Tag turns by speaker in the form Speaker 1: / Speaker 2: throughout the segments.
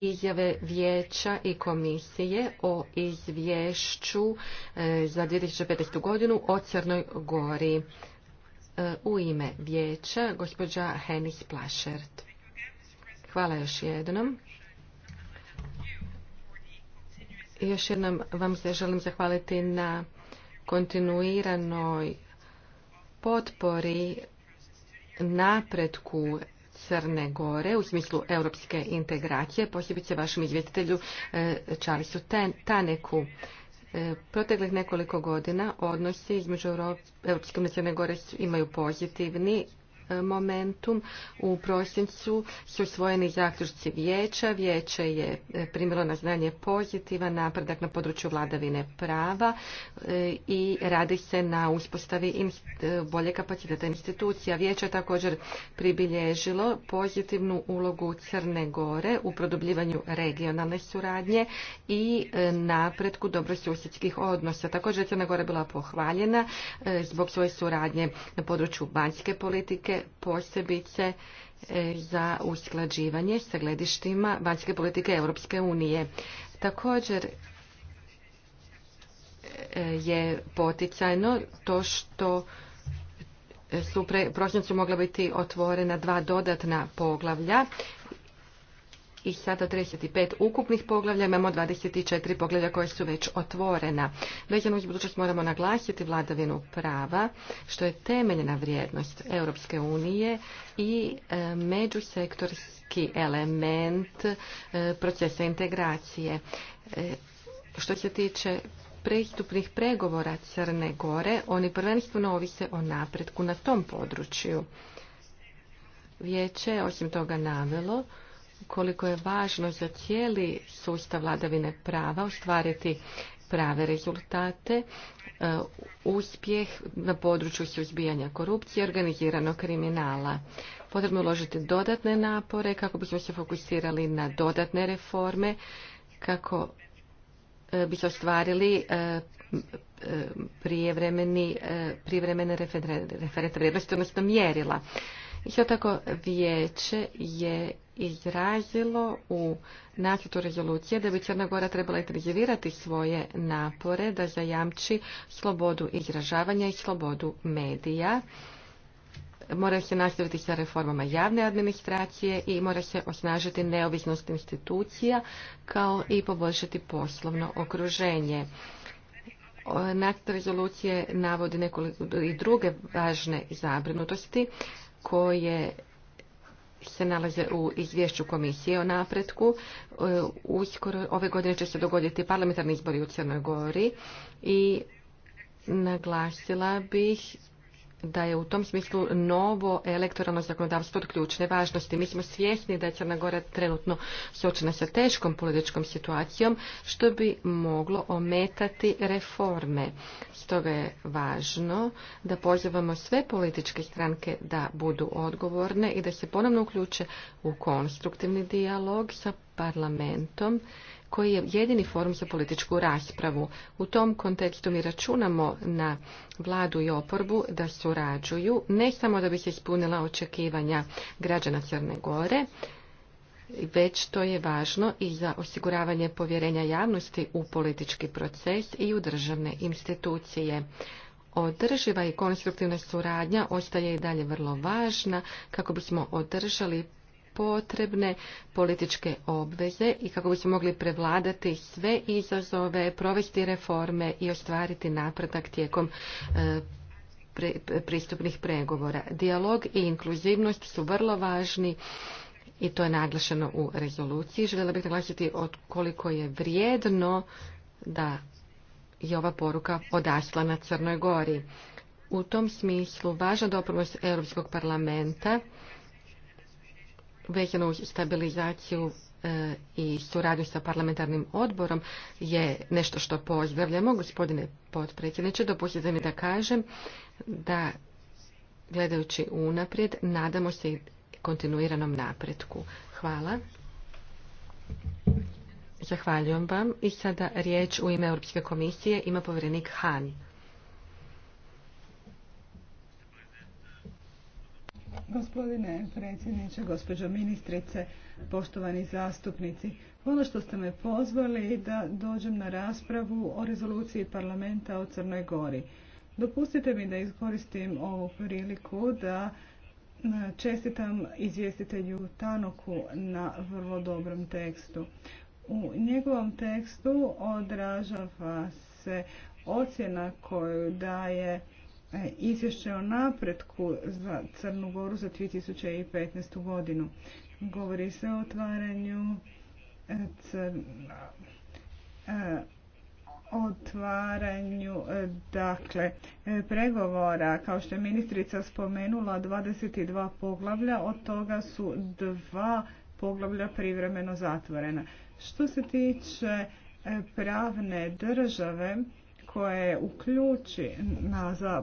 Speaker 1: izjave vijeća i komisije o izvješću e, za 2015. godinu o Crnoj Gori. E, u ime vijeća, gospođa Henis Plašert. Hvala još jednom. Još jednom vam se želim zahvaliti na kontinuiranoj potpori napretku Crne Gore u smislu europske integracije, posebice vašem izvjetitelju e, Charlesu Taneku. E, proteklih nekoliko godina odnosi između Europske i Crne Gore imaju pozitivni momentum. U prosincu su usvojeni zaključci vijeća. Vijeće je e, primilo na znanje pozitivan napredak na području vladavine prava e, i radi se na uspostavi e, bolje kapaciteta institucija. Vijeće je također pribilježilo pozitivnu ulogu Crne Gore u produbljivanju regionalne suradnje i napretku dobrosusjedskih odnosa. Također Crna Gora je bila pohvaljena zbog svoje suradnje na području banjske politike, posebice e, za usklađivanje sa gledištima vanjske politike Europske unije. Također e, je poticajno to što su u prosincu mogla biti otvorena dva dodatna poglavlja i sada 35 ukupnih poglavlja, imamo 24 poglavlja koje su već otvorena. Vezano uz budućnost moramo naglasiti vladavinu prava, što je temeljna vrijednost Europske unije i e, međusektorski element e, procesa integracije. E, što se tiče pristupnih pregovora Crne Gore, oni prvenstveno ovise o napretku na tom području. Vijeće osim toga navelo koliko je važno za cijeli sustav vladavine prava ostvariti prave rezultate, e, uspjeh na području suzbijanja korupcije i organiziranog kriminala. Potrebno uložiti dodatne napore kako bismo se fokusirali na dodatne reforme, kako e, bi se ostvarili e, prijevremeni, prijevremene referente odnosno mjerila. Isto tako vijeće je izrazilo u nacrtu rezolucije da bi Crna Gora trebala intenzivirati svoje napore da zajamči slobodu izražavanja i slobodu medija. Mora se nastaviti sa reformama javne administracije i mora se osnažiti neovisnost institucija kao i poboljšati poslovno okruženje. Nacrt rezolucije navodi i druge važne zabrinutosti koje se nalaze u izvješću komisije o napretku. E, uskoro ove godine će se dogoditi parlamentarni izbori u Crnoj Gori i naglasila bih da je u tom smislu novo elektoralno zakonodavstvo od ključne važnosti. Mi smo svjesni da je Crna Gora trenutno suočena sa teškom političkom situacijom, što bi moglo ometati reforme. Stoga je važno da pozivamo sve političke stranke da budu odgovorne i da se ponovno uključe u konstruktivni dijalog sa parlamentom koji je jedini forum za političku raspravu. U tom kontekstu mi računamo na vladu i oporbu da surađuju, ne samo da bi se ispunila očekivanja građana Crne Gore, već to je važno i za osiguravanje povjerenja javnosti u politički proces i u državne institucije. Održiva i konstruktivna suradnja ostaje i dalje vrlo važna kako bismo održali potrebne političke obveze i kako bismo mogli prevladati sve izazove, provesti reforme i ostvariti napredak tijekom e, pristupnih pregovora. Dialog i inkluzivnost su vrlo važni i to je naglašeno u rezoluciji. Željela bih naglasiti koliko je vrijedno da je ova poruka odasla na Crnoj Gori. U tom smislu važan doprinos Europskog parlamenta vezano stabilizaciju e, i suradnju sa parlamentarnim odborom je nešto što pozdravljamo. Gospodine potpredsjedniče, dopustite mi da kažem da gledajući unaprijed nadamo se kontinuiranom napretku. Hvala. Zahvaljujem vam. I sada riječ u ime Europske komisije ima povjerenik Han.
Speaker 2: Gospodine predsjedniče, gospođo ministrice, poštovani zastupnici, ono što ste me pozvali da dođem na raspravu o rezoluciji parlamenta o Crnoj Gori. Dopustite mi da iskoristim ovu priliku da e, čestitam izvjestitelju Tanoku na vrlo dobrom tekstu. U njegovom tekstu odražava se ocjena koju daje E, izvješće o napretku za Crnu Goru za 2015. godinu. Govori se o otvaranju e, e, otvaranju dakle pregovora kao što je ministrica spomenula 22 poglavlja od toga su dva poglavlja privremeno zatvorena što se tiče pravne države koje uključi na za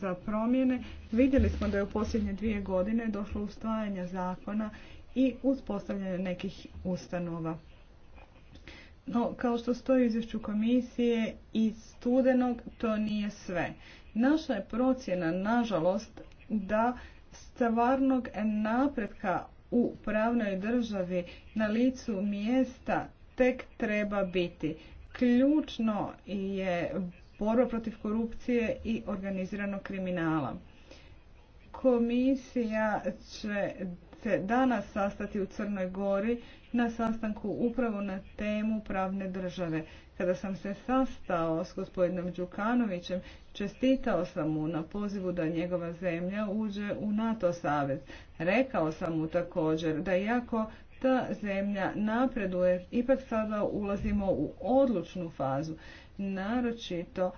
Speaker 2: za promjene. Vidjeli smo da je u posljednje dvije godine došlo ustvajanja zakona i uspostavljanje nekih ustanova. No, kao što stoji u izvješću komisije i studenog, to nije sve. Naša je procjena, nažalost, da stvarnog napretka u pravnoj državi na licu mjesta tek treba biti. Ključno je borba protiv korupcije i organiziranog kriminala. Komisija će se danas sastati u Crnoj Gori na sastanku upravo na temu pravne države. Kada sam se sastao s gospodinom Đukanovićem, čestitao sam mu na pozivu da njegova zemlja uđe u NATO savez. Rekao sam mu također da iako ta zemlja napreduje. Ipak sada ulazimo u odlučnu fazu, naročito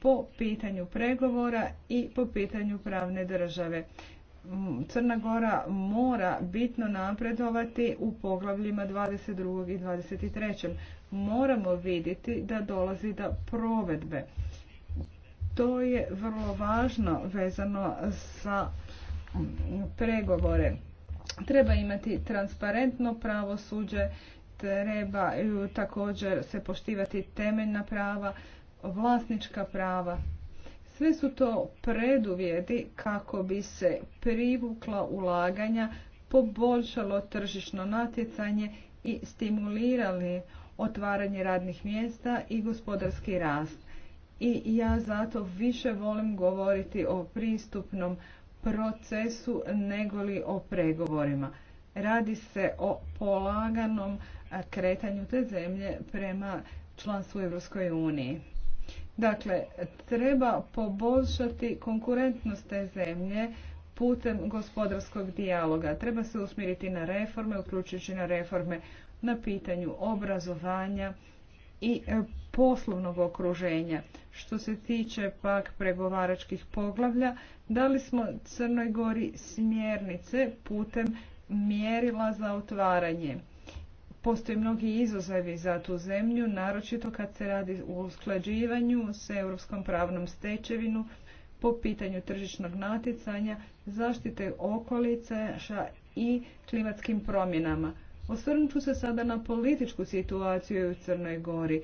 Speaker 2: po pitanju pregovora i po pitanju pravne države. Crna Gora mora bitno napredovati u poglavljima 22. i 23. Moramo vidjeti da dolazi do provedbe. To je vrlo važno vezano sa pregovore. Treba imati transparentno pravosuđe, treba također se poštivati temeljna prava, vlasnička prava. Sve su to preduvjeti kako bi se privukla ulaganja, poboljšalo tržišno natjecanje i stimulirali otvaranje radnih mjesta i gospodarski rast. I ja zato više volim govoriti o pristupnom procesu negoli o pregovorima. Radi se o polaganom kretanju te zemlje prema članstvu Europskoj uniji. Dakle, treba poboljšati konkurentnost te zemlje putem gospodarskog dijaloga. Treba se usmiriti na reforme, uključujući na reforme na pitanju obrazovanja, i e, poslovnog okruženja. Što se tiče pak pregovaračkih poglavlja, dali smo Crnoj Gori smjernice putem mjerila za otvaranje. Postoje mnogi izazovi za tu zemlju, naročito kad se radi o usklađivanju s europskom pravnom stečevinu po pitanju tržišnog natjecanja, zaštite okolice i klimatskim promjenama. Osvrnut ću se sada na političku situaciju u Crnoj Gori.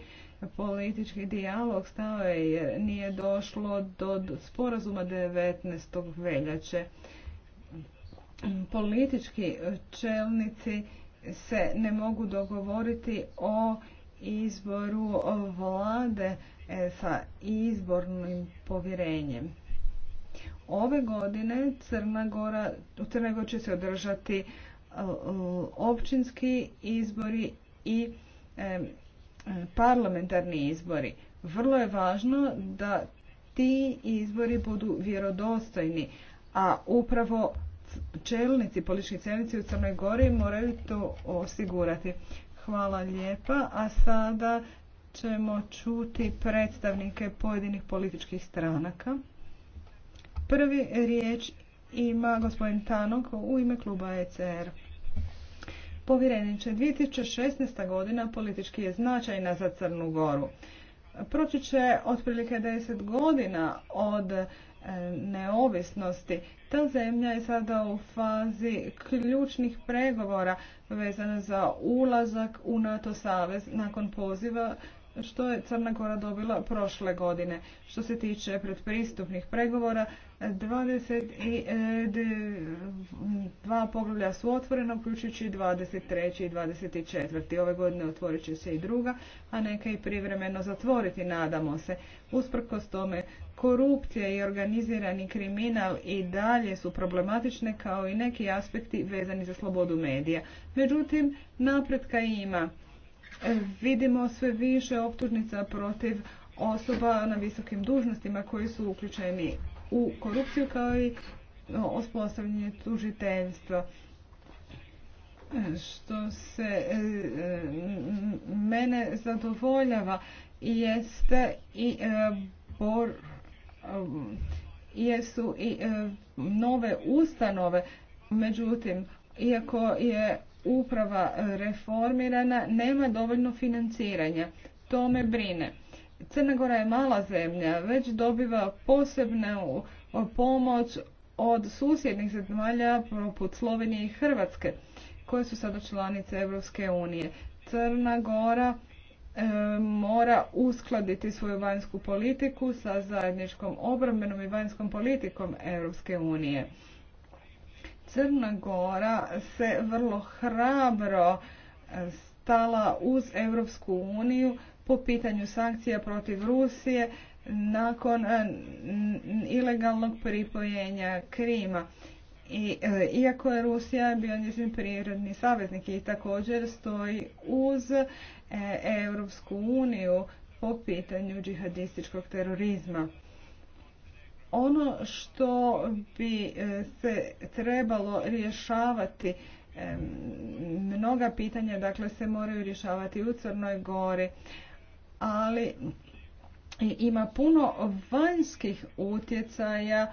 Speaker 2: Politički dijalog stao je jer nije došlo do sporazuma 19. veljače. Politički čelnici se ne mogu dogovoriti o izboru vlade e, sa izbornim povjerenjem. Ove godine Crna Gora, u Crnoj Gori će se održati općinski izbori i parlamentarni izbori. Vrlo je važno da ti izbori budu vjerodostojni, a upravo čelnici, politički čelnici u Crnoj Gori moraju to osigurati. Hvala lijepa, a sada ćemo čuti predstavnike pojedinih političkih stranaka. Prvi riječ ima gospodin Tanok u ime kluba ECR. Povjereniče, 2016. godina politički je značajna za Crnu Goru. Proći će otprilike 10 godina od e, neovisnosti. Ta zemlja je sada u fazi ključnih pregovora vezana za ulazak u NATO savez nakon poziva što je Crna Gora dobila prošle godine. Što se tiče predpristupnih pregovora, e, dva poglavlja su otvorena, uključujući 23. i 24. Ove godine otvorit će se i druga, a neka i privremeno zatvoriti, nadamo se. Usprkos tome, korupcija i organizirani kriminal i dalje su problematične kao i neki aspekti vezani za slobodu medija. Međutim, napretka ima vidimo sve više optužnica protiv osoba na visokim dužnostima koji su uključeni u korupciju kao i ospostavljanje tužiteljstva. Što se e, mene zadovoljava jeste i e, bor jesu i e, nove ustanove. Međutim, iako je uprava reformirana, nema dovoljno financiranja. To me brine. Crna Gora je mala zemlja, već dobiva posebnu pomoć od susjednih zemalja poput Slovenije i Hrvatske, koje su sada članice Europske unije. Crna Gora e, mora uskladiti svoju vanjsku politiku sa zajedničkom obrambenom i vanjskom politikom Europske unije. Crna Gora se vrlo hrabro e, stala uz Europsku uniju po pitanju sankcija protiv Rusije nakon e, ilegalnog pripojenja Krima. I, e, iako je Rusija bio njezin prirodni saveznik i također stoji uz Europsku uniju po pitanju džihadističkog terorizma. Ono što bi e, se trebalo rješavati, e, mnoga pitanja dakle se moraju rješavati u Crnoj Gori, ali ima puno vanjskih utjecaja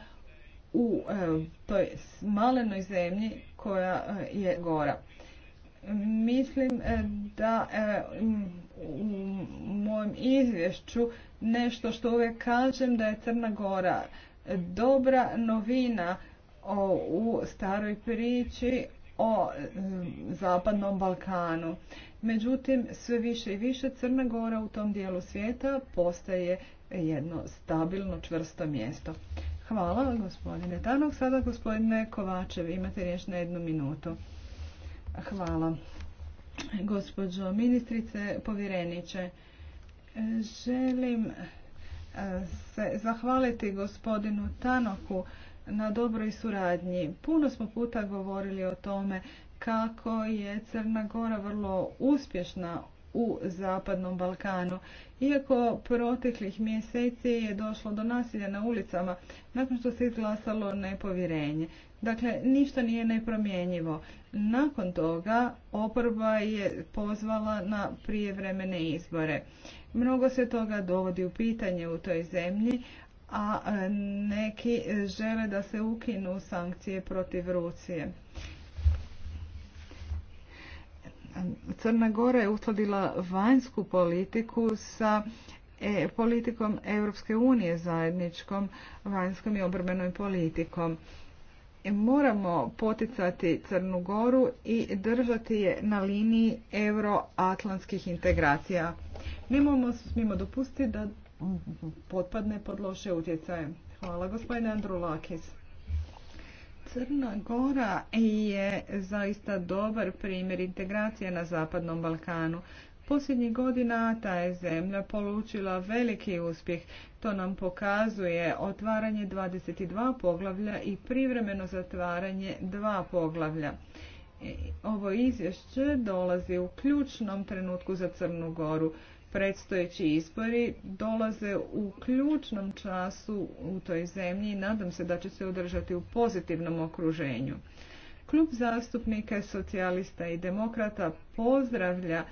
Speaker 2: u e, toj malenoj zemlji koja je gora. Mislim da u mojem izvješću nešto što uvijek kažem da je Crna Gora dobra novina o, u staroj priči o mm, Zapadnom Balkanu. Međutim, sve više i više Crna Gora u tom dijelu svijeta postaje jedno stabilno, čvrsto mjesto. Hvala gospodine Danog. Sada gospodine Kovačev, imate riječ na jednu minutu. Hvala. Gospođo ministrice, povjereniče, Želim e, se zahvaliti gospodinu Tanoku na dobroj suradnji. Puno smo puta govorili o tome kako je Crna Gora vrlo uspješna u Zapadnom Balkanu. Iako proteklih mjeseci je došlo do nasilja na ulicama nakon što se izglasalo nepovjerenje. Dakle, ništa nije nepromjenjivo. Nakon toga oporba je pozvala na prijevremene izbore. Mnogo se toga dovodi u pitanje u toj zemlji, a e, neki žele da se ukinu sankcije protiv Rusije. Crna Gora je uskladila vanjsku politiku sa e, politikom Europske unije zajedničkom vanjskom i obrbenom politikom moramo poticati Crnu Goru i držati je na liniji euroatlantskih integracija. Nemojmo smimo dopustiti da potpadne pod loše utjecaje. Hvala gospodine Lakis. Crna Gora je zaista dobar primjer integracije na Zapadnom Balkanu. Posljednjih godina ta je zemlja polučila veliki uspjeh. To nam pokazuje otvaranje 22 poglavlja i privremeno zatvaranje dva poglavlja. E, ovo izvješće dolazi u ključnom trenutku za Crnu Goru. Predstojeći izbori dolaze u ključnom času u toj zemlji i nadam se da će se održati u pozitivnom okruženju. Klub zastupnika socijalista i demokrata pozdravlja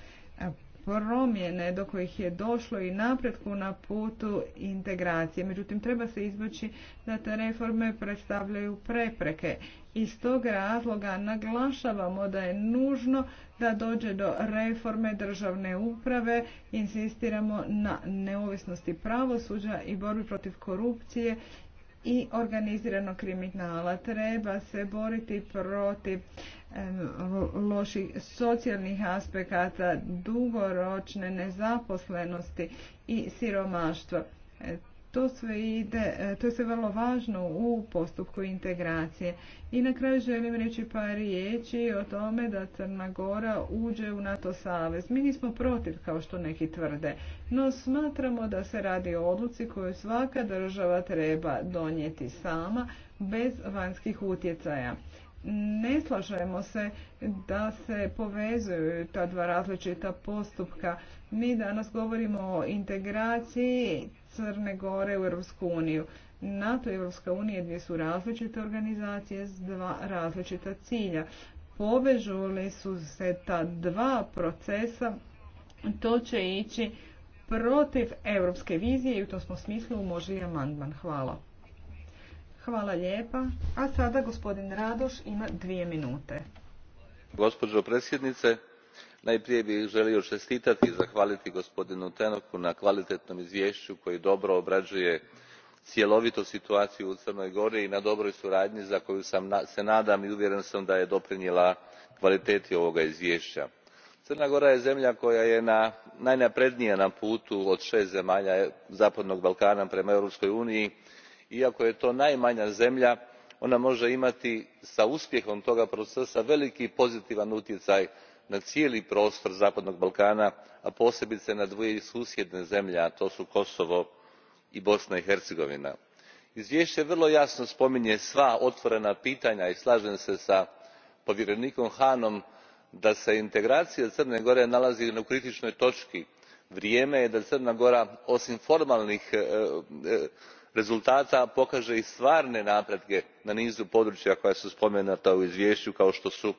Speaker 2: promjene do kojih je došlo i napretku na putu integracije. Međutim, treba se izvući da te reforme predstavljaju prepreke. Iz tog razloga naglašavamo da je nužno da dođe do reforme državne uprave, insistiramo na neovisnosti pravosuđa i borbi protiv korupcije i organizirano kriminala. Treba se boriti protiv loših socijalnih aspekata, dugoročne nezaposlenosti i siromaštva. E, to sve ide, e, to je sve vrlo važno u postupku integracije. I na kraju želim reći par riječi o tome da Crna Gora uđe u NATO savez. Mi nismo protiv, kao što neki tvrde, no smatramo da se radi o odluci koju svaka država treba donijeti sama, bez vanjskih utjecaja ne slažemo se da se povezuju ta dva različita postupka. Mi danas govorimo o integraciji Crne Gore u Europsku uniju. NATO i Europska unija dvije su različite organizacije s dva različita cilja. Povežu li su se ta dva procesa, to će ići protiv europske vizije i u tom smo smislu može i amandman. Hvala. Hvala lijepa. A sada gospodin Radoš ima dvije minute.
Speaker 3: Gospođo predsjednice, najprije bih želio čestitati i zahvaliti gospodinu Tenoku na kvalitetnom izvješću koji dobro obrađuje cjelovitu situaciju u Crnoj Gori i na dobroj suradnji za koju sam, se nadam i uvjeren sam da je doprinijela kvaliteti ovoga izvješća. Crna Gora je zemlja koja je na, najnaprednija na putu od šest zemalja Zapadnog Balkana prema Europskoj uniji iako je to najmanja zemlja ona može imati s uspjehom toga procesa veliki pozitivan utjecaj na cijeli prostor zapadnog balkana a posebice na dvije susjedne zemlje a to su kosovo i bosna i hercegovina. izvješće vrlo jasno spominje sva otvorena pitanja i slažem se s povjerenikom Hanom da se integracija crne gore nalazi na kritičnoj točki. vrijeme je da crna gora osim formalnih e, e, rezultata pokaže i stvarne napretke na nizu područja koja su spomenuta u izvješću kao što su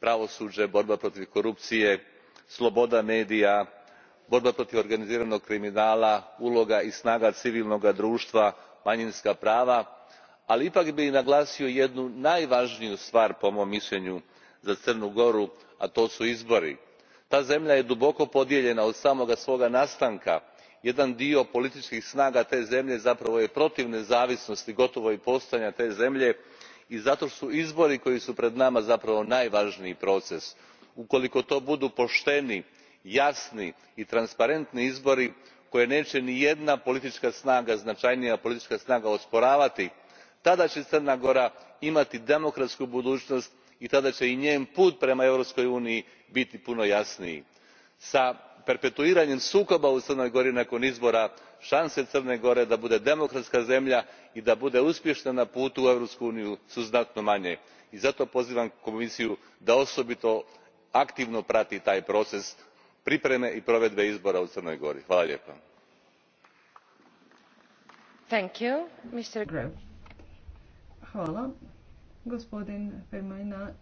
Speaker 3: pravosuđe borba protiv korupcije sloboda medija borba protiv organiziranog kriminala uloga i snaga civilnoga društva manjinska prava ali ipak bih naglasio jednu najvažniju stvar po mom mišljenju za crnu goru a to su izbori. ta zemlja je duboko podijeljena od samoga svoga nastanka jedan dio političkih snaga te zemlje zapravo je protiv nezavisnosti gotovo i postojanja te zemlje i zato su izbori koji su pred nama zapravo najvažniji proces. ukoliko to budu pošteni jasni i transparentni izbori koje neće nijedna politička snaga značajnija politička snaga osporavati tada će crna gora imati demokratsku budućnost i tada će i njen put prema europskoj uniji biti puno jasniji. Sa perpetuiranjem sukoba u crnoj gori nakon izbora šanse crne gore da bude demokratska zemlja i da bude uspješna na putu u europsku uniju su znatno manje i zato pozivam komisiju da osobito aktivno prati taj proces pripreme i provedbe izbora u crnoj gori. hvala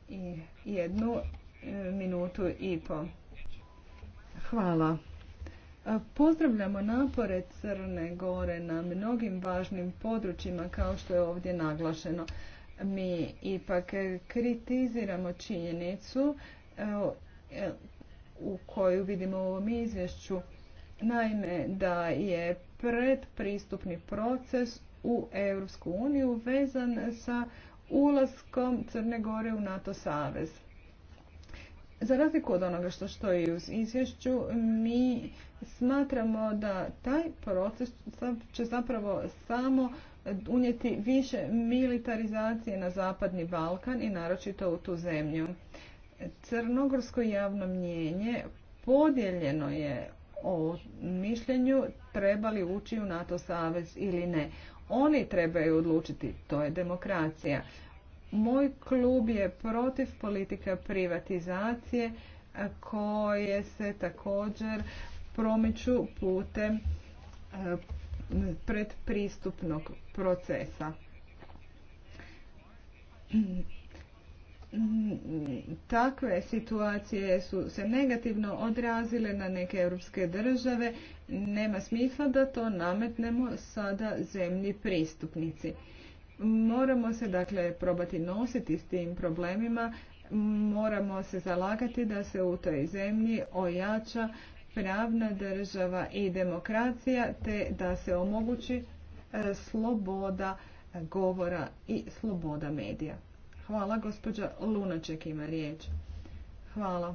Speaker 2: i jednu e, minutu i Hvala. Pozdravljamo napore Crne Gore na mnogim važnim područjima kao što je ovdje naglašeno. Mi ipak kritiziramo činjenicu e, u koju vidimo u ovom izvješću. Naime, da je predpristupni proces u EU vezan sa ulaskom Crne Gore u NATO savez. Za razliku od onoga što stoji u izvješću, mi smatramo da taj proces će zapravo samo unijeti više militarizacije na Zapadni Balkan i naročito u tu zemlju. Crnogorsko javno mnjenje podijeljeno je o mišljenju treba li ući u NATO savez ili ne. Oni trebaju odlučiti, to je demokracija. Moj klub je protiv politika privatizacije koje se također promiču putem predpristupnog procesa. Takve situacije su se negativno odrazile na neke europske države. Nema smisla da to nametnemo sada zemlji pristupnici. Moramo se dakle probati nositi s tim problemima, moramo se zalagati da se u toj zemlji ojača pravna država i demokracija te da se omogući e, sloboda govora i sloboda medija. Hvala, gospođa Lunaček ima riječ. Hvala.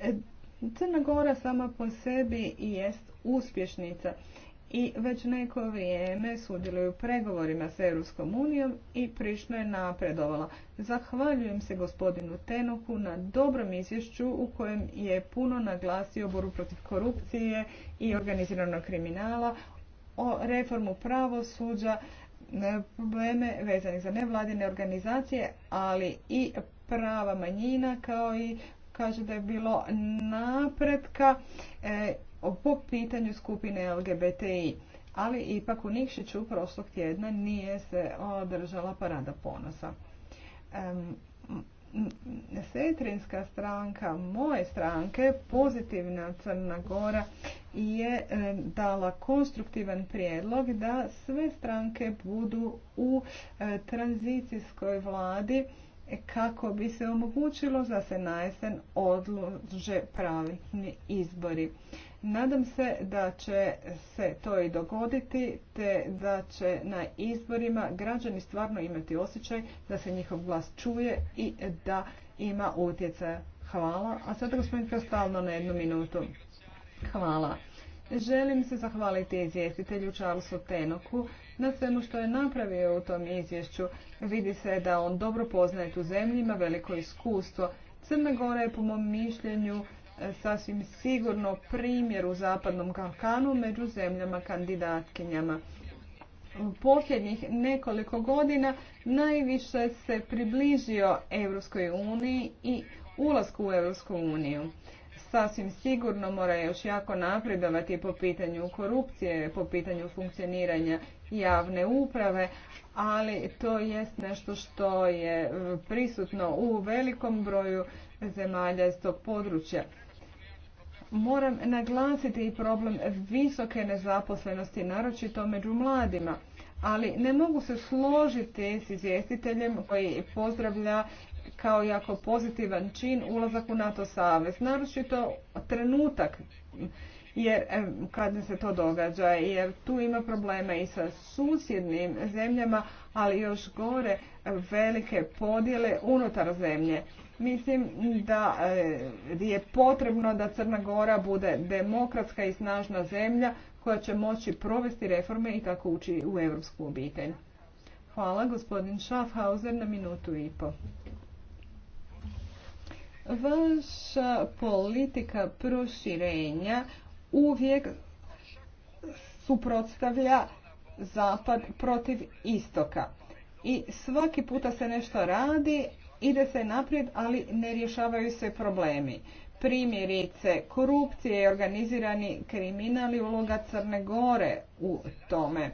Speaker 2: E, Crna Gora sama po sebi jest uspješnica i već neko vrijeme sudjeluju pregovorima s Europskom unijom i prično je napredovala. Zahvaljujem se gospodinu Tenoku na dobrom izvješću u kojem je puno naglasio boru protiv korupcije i organiziranog kriminala, o reformu pravosuđa, probleme vezane za nevladine organizacije, ali i prava manjina kao i kaže da je bilo napretka e, po pitanju skupine LGBTI. Ali ipak u Nikšiću prošlog tjedna nije se održala parada ponosa. Sestrinska stranka moje stranke, pozitivna Crna Gora, je dala konstruktivan prijedlog da sve stranke budu u e, tranzicijskoj vladi kako bi se omogućilo da se na jesen odlože pravilni izbori. Nadam se da će se to i dogoditi, te da će na izborima građani stvarno imati osjećaj da se njihov glas čuje i da ima utjecaja. Hvala. A sada gospodin Kastalno na jednu minutu. Hvala. Želim se zahvaliti izvjestitelju Charlesu Tenoku na svemu što je napravio u tom izvješću. Vidi se da on dobro poznaje tu zemlju, ima veliko iskustvo. Crna Gora je po mom mišljenju e, sasvim sigurno primjer u Zapadnom Kalkanu među zemljama kandidatkinjama. U posljednjih nekoliko godina najviše se približio Europskoj uniji i ulasku u Europsku uniju sasvim sigurno mora još jako napredovati po pitanju korupcije, po pitanju funkcioniranja javne uprave, ali to jest nešto što je prisutno u velikom broju zemalja iz tog područja. Moram naglasiti i problem visoke nezaposlenosti, naročito među mladima ali ne mogu se složiti s izvjestiteljem koji pozdravlja kao jako pozitivan čin ulazak u NATO savez. Naročito trenutak jer kad se to događa, jer tu ima problema i sa susjednim zemljama, ali još gore velike podjele unutar zemlje. Mislim da e, je potrebno da Crna Gora bude demokratska i snažna zemlja koja će moći provesti reforme i tako ući u europsku obitelj. Hvala gospodin Schaffhauser na minutu i po vaša politika proširenja uvijek suprotstavlja zapad protiv istoka. I svaki puta se nešto radi, ide se naprijed, ali ne rješavaju se problemi. Primjerice, korupcije i organizirani kriminali uloga Crne Gore u tome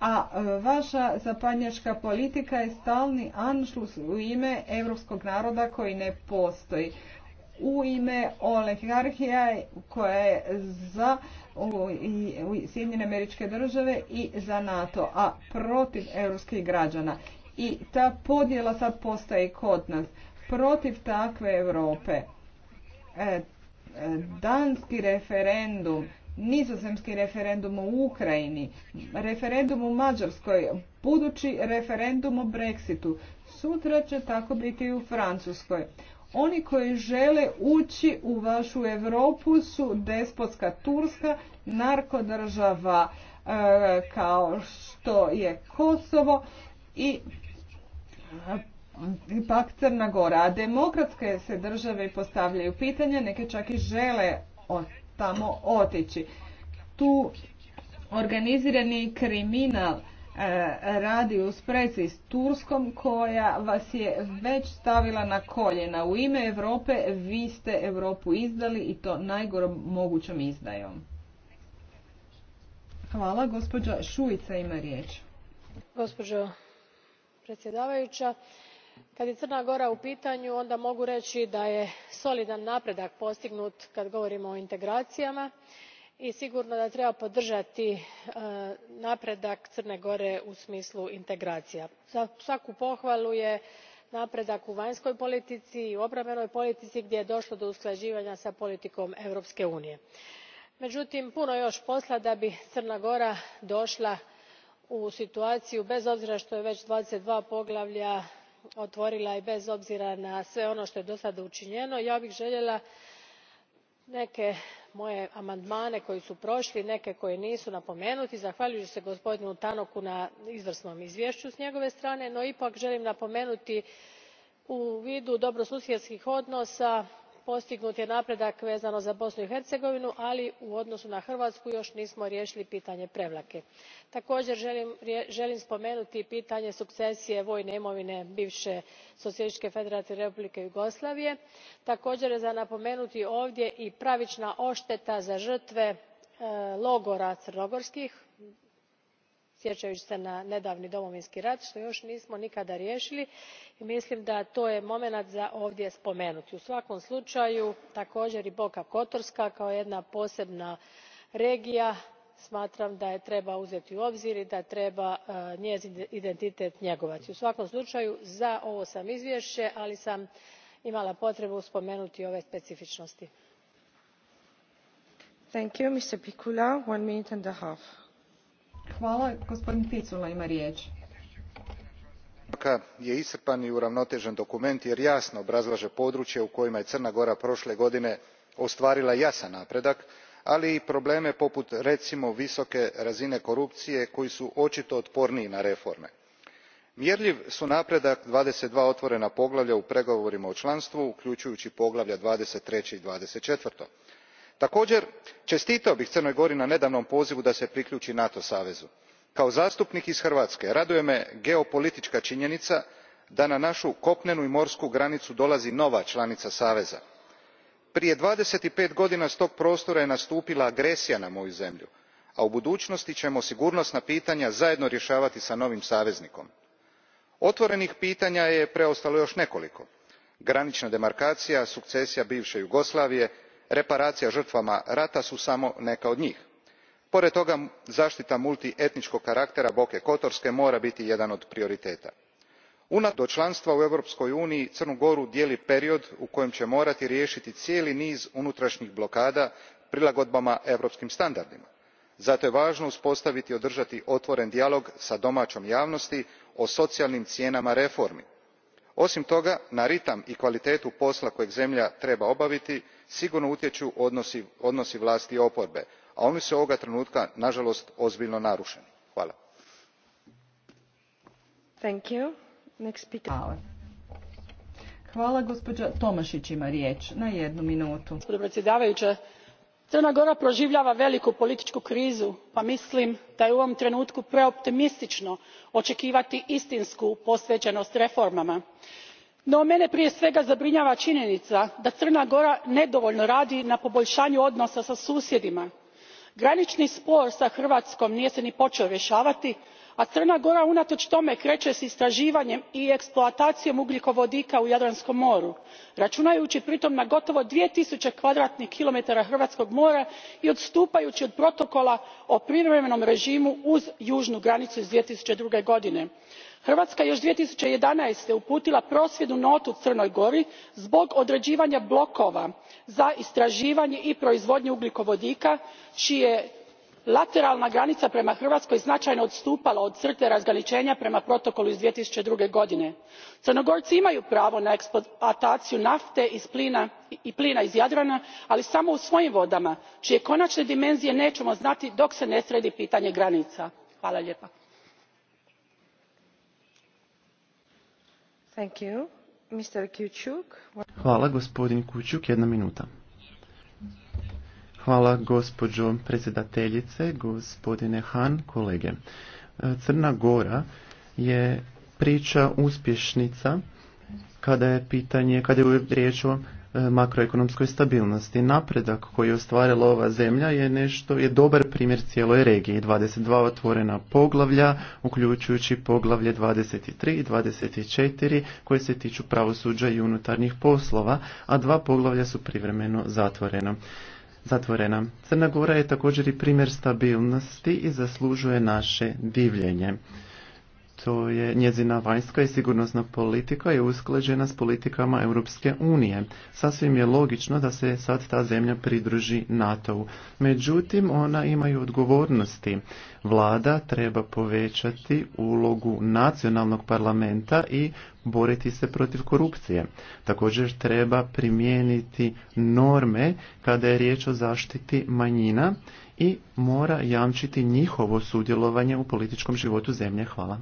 Speaker 2: a e, vaša zapadnjačka politika je stalni anšlus u ime europskog naroda koji ne postoji u ime oligarhija koja je za Sjedinjene američke države i za NATO, a protiv europskih građana. I ta podjela sad postaje kod nas. Protiv takve Europe. E, e, danski referendum nizozemski referendum u Ukrajini, referendum u Mađarskoj, budući referendum o Brexitu. Sutra će tako biti i u Francuskoj. Oni koji žele ući u vašu Europu su despotska Turska, narkodržava e, kao što je Kosovo i e, pak Crna Gora. A demokratske se države postavljaju pitanja, neke čak i žele tamo otići. Tu organizirani kriminal e, radi u spreci s Turskom koja vas je već stavila na koljena. U ime Europe vi ste Europu izdali i to najgorom mogućom izdajom. Hvala. Gospođa Šuica ima riječ.
Speaker 4: Gospođo predsjedavajuća, kad je crna gora u pitanju onda mogu reći da je solidan napredak postignut kad govorimo o integracijama i sigurno da treba podrati e, napredak crne gore u smislu integracija. za svaku pohvalu je napredak u vanjskoj politici i obrambenoj politici gdje je dolo do usklaivanja s politikom europske unije. meutim puno još jo posla da bi crna gora dola u situaciju bez obzira što je ve twenty two poglavlja otvorila i bez obzira na sve ono što je do sada učinjeno. ja bih željela neke moje amandmane koji su prošli, neke koji nisu napomenuti. zahvaljujući se gospodinu Tanoku na izvrsnom izvješću s njegove strane no ipak želim napomenuti u vidu dobrosusjedskih odnosa postignut je napredak vezano za bosnu i hercegovinu ali u odnosu na hrvatsku još nismo riješili pitanje prevlake. Također želim spomenuti pitanje sukcesije vojne imovine bivše socijalističke federativne republike jugoslavije. Također je za napomenuti ovdje i pravična ošteta za žrtve e, logora crnogorskih sjećajući se na nedavni domovinski rat što još nismo nikada riješili i mislim da to je to momenat za ovdje spomenuti. u svakom slučaju također i boka kotorska kao jedna posebna regija smatram da je treba uzeti u obzir i da treba e, njezin identitet njegovati. u svakom slučaju za ovo sam izvješće ali sam imala potrebu spomenuti ove specifičnosti.
Speaker 2: Hvala. Gospodin
Speaker 5: je iscrpan i uravnotežen dokument jer jasno obrazlaže područje u kojima je Crna Gora prošle godine ostvarila jasan napredak, ali i probleme poput recimo visoke razine korupcije koji su očito otporniji na reforme mjerljiv su napredak twenty two otvorena poglavlja u pregovorima o članstvu uključujući poglavlja twenty three i. twenty four Također, estitao bih crnoj gori na nedavnom pozivu da se priključi nato savezu. kao zastupnik iz hrvatske raduje me geopolitička činjenica da na našu kopnenu i morsku granicu dolazi nova članica saveza. prije dvadeset pet godina s tog prostora je nastupila agresija na moju zemlju a u budućnosti ćemo sigurnosna pitanja zajedno rješavati s novim saveznikom. otvorenih pitanja je preostalo još nekoliko granična demarkacija sukcesija bivše jugoslavije reparacija rtvama rata su samo neka od njih. pored toga zaštita multietnikog karaktera boke kotorske mora biti jedan od prioriteta. unato članstva u europskoj uniji crnu goru dijeli period u kojem će morati riješiti cijeli niz unutranjih blokada prilagodbama europskim standardima. zato je važno uspostaviti i odrati otvoren dijalog s domaom javnosti o socijalnim cijenama reformi osim toga na ritam i kvalitetu posla kojeg zemlja treba obaviti sigurno utječu odnosi vlasti i oporbe a oni su ovoga trenutka nažalost ozbiljno narušeni. hvala.
Speaker 6: hvala tomašić ima na jednu minutu crna gora proživljava veliku političku krizu pa mislim da je u ovom trenutku preoptimistično očekivati istinsku posvećenost reformama no mene prije svega zabrinjava činjenica da crna gora nedovoljno radi na poboljšanju odnosa sa susjedima. granični spor sa hrvatskom nije se ni počeo rješavati a crna gora unatoč tome kreće s istraživanjem i eksploatacijom ugljikovodika u jadranskom moru raunajui pritom na gotovo two thousand kvadratnih kilometara hrvatskog mora i odstupajui od protokola o privremenom reimu uz južnu granicu iz. two thousand and two godine hrvatska je jo. two thousand and uputila prosvjednu notu crnoj gori zbog odreivanja blokova za istraivanje i proizvodnju ugljikovodika iji je lateralna granica prema hrvatskoj znaajno odstupala od crte razgranienja prema protokolu iz. two thousand and two godine. crnogorci imaju pravo na eksploataciju nafte i plina iz jadrana ali samo u svojim vodama čije konane dimenzije neemo znati dok se ne sredi pitanje granica. Hvala,
Speaker 7: Hvala gospođo predsjedateljice, gospodine Han, kolege. Crna Gora je priča uspješnica kada je pitanje, kada je riječ o e, makroekonomskoj stabilnosti. Napredak koji je ostvarila ova zemlja je nešto je dobar primjer cijeloj regiji. 22 otvorena poglavlja, uključujući poglavlje 23 i 24 koje se tiču pravosuđa i unutarnjih poslova, a dva poglavlja su privremeno zatvorena zatvorena. Crna Gora je također i primjer stabilnosti i zaslužuje naše divljenje to je njezina vanjska i sigurnosna politika je usklađena s politikama Europske unije. Sasvim je logično da se sad ta zemlja pridruži NATO-u. Međutim, ona imaju odgovornosti. Vlada treba povećati ulogu nacionalnog parlamenta i boriti se protiv korupcije. Također treba primijeniti norme kada je riječ o zaštiti manjina i mora jamčiti njihovo sudjelovanje u političkom životu zemlje. Hvala.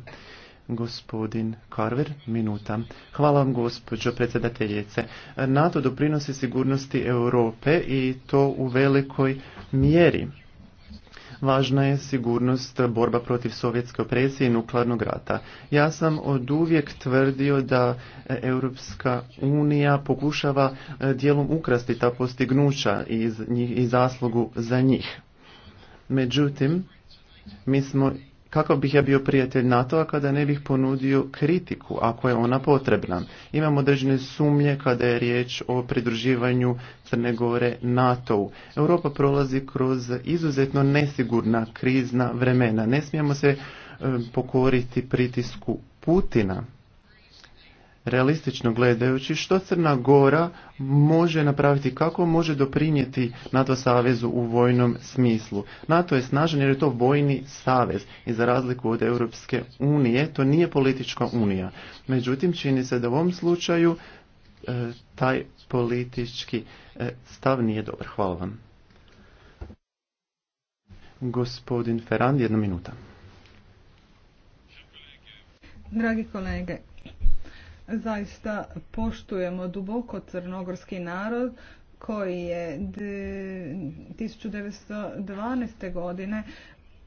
Speaker 7: Gospodin Carver, minuta. Hvala vam, gospođo predsjedateljice. NATO doprinosi sigurnosti Europe i to u velikoj mjeri. Važna je sigurnost borba protiv sovjetske opresije i nuklearnog rata. Ja sam od uvijek tvrdio da Europska unija pokušava e, dijelom ukrasti ta postignuća i, i zaslugu za njih. Međutim, mi smo, kako bih ja bio prijatelj NATO-a kada ne bih ponudio kritiku ako je ona potrebna. Imamo određene sumnje kada je riječ o pridruživanju Crne Gore NATO-u. Europa prolazi kroz izuzetno nesigurna krizna vremena. Ne smijemo se e, pokoriti pritisku Putina realistično gledajući što Crna Gora može napraviti, kako može doprinijeti NATO savezu u vojnom smislu. NATO je snažan jer je to vojni savez i za razliku od Europske unije to nije politička unija. Međutim, čini se da u ovom slučaju e, taj politički e, stav nije dobar. Hvala vam. Gospodin Ferrand, jedna minuta.
Speaker 2: Dragi kolege, zaista poštujemo duboko crnogorski narod koji je 1912. godine